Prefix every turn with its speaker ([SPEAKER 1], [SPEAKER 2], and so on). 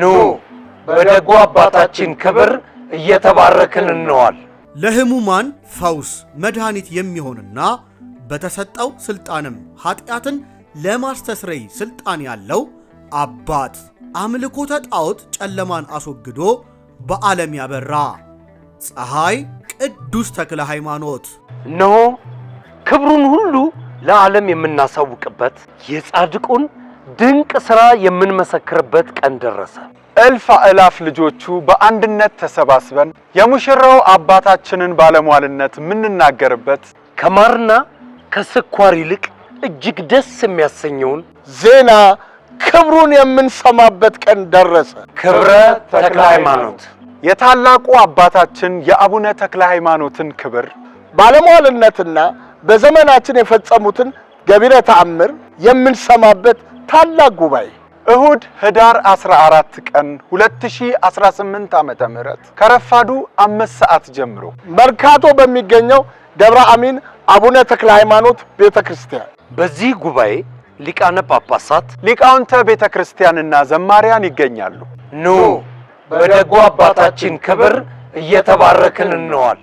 [SPEAKER 1] ኑ በደጉ አባታችን ክብር እየተባረክን እንዋል።
[SPEAKER 2] ለሕሙማን ፈውስ መድኃኒት የሚሆንና በተሰጠው ሥልጣንም ኀጢአትን ለማስተስረይ ሥልጣን ያለው አባት አምልኮተ ጣዖት ጨለማን አስወግዶ በዓለም ያበራ ፀሐይ ቅዱስ ተክለ ሃይማኖት
[SPEAKER 1] እነሆ ክብሩን ሁሉ ለዓለም የምናሳውቅበት የጻድቁን ድንቅ ስራ የምንመሰክርበት ቀን ደረሰ።
[SPEAKER 3] እልፍ አእላፍ ልጆቹ በአንድነት ተሰባስበን የሙሽራው አባታችንን ባለሟልነት የምንናገርበት
[SPEAKER 1] ከማርና ከስኳር ይልቅ እጅግ ደስ የሚያሰኘውን
[SPEAKER 4] ዜና ክብሩን የምንሰማበት ቀን ደረሰ።
[SPEAKER 5] ክብረ ተክለ ሃይማኖት
[SPEAKER 3] የታላቁ አባታችን የአቡነ ተክለ ሃይማኖትን ክብር
[SPEAKER 4] ባለሟልነትና በዘመናችን የፈጸሙትን ገቢረ ተአምር የምንሰማበት ታላቅ ጉባኤ
[SPEAKER 3] እሁድ ህዳር 14 ቀን 2018 ዓ ም ከረፋዱ አምስት ሰዓት ጀምሮ
[SPEAKER 4] መርካቶ በሚገኘው ደብረ አሚን አቡነ ተክለ ሃይማኖት ቤተ ክርስቲያን።
[SPEAKER 1] በዚህ ጉባኤ ሊቃነ ጳጳሳት፣
[SPEAKER 3] ሊቃውንተ ቤተ ክርስቲያንና ዘማሪያን ይገኛሉ።
[SPEAKER 1] ኑ በደጉ አባታችን ክብር እየተባረክን እንዋል።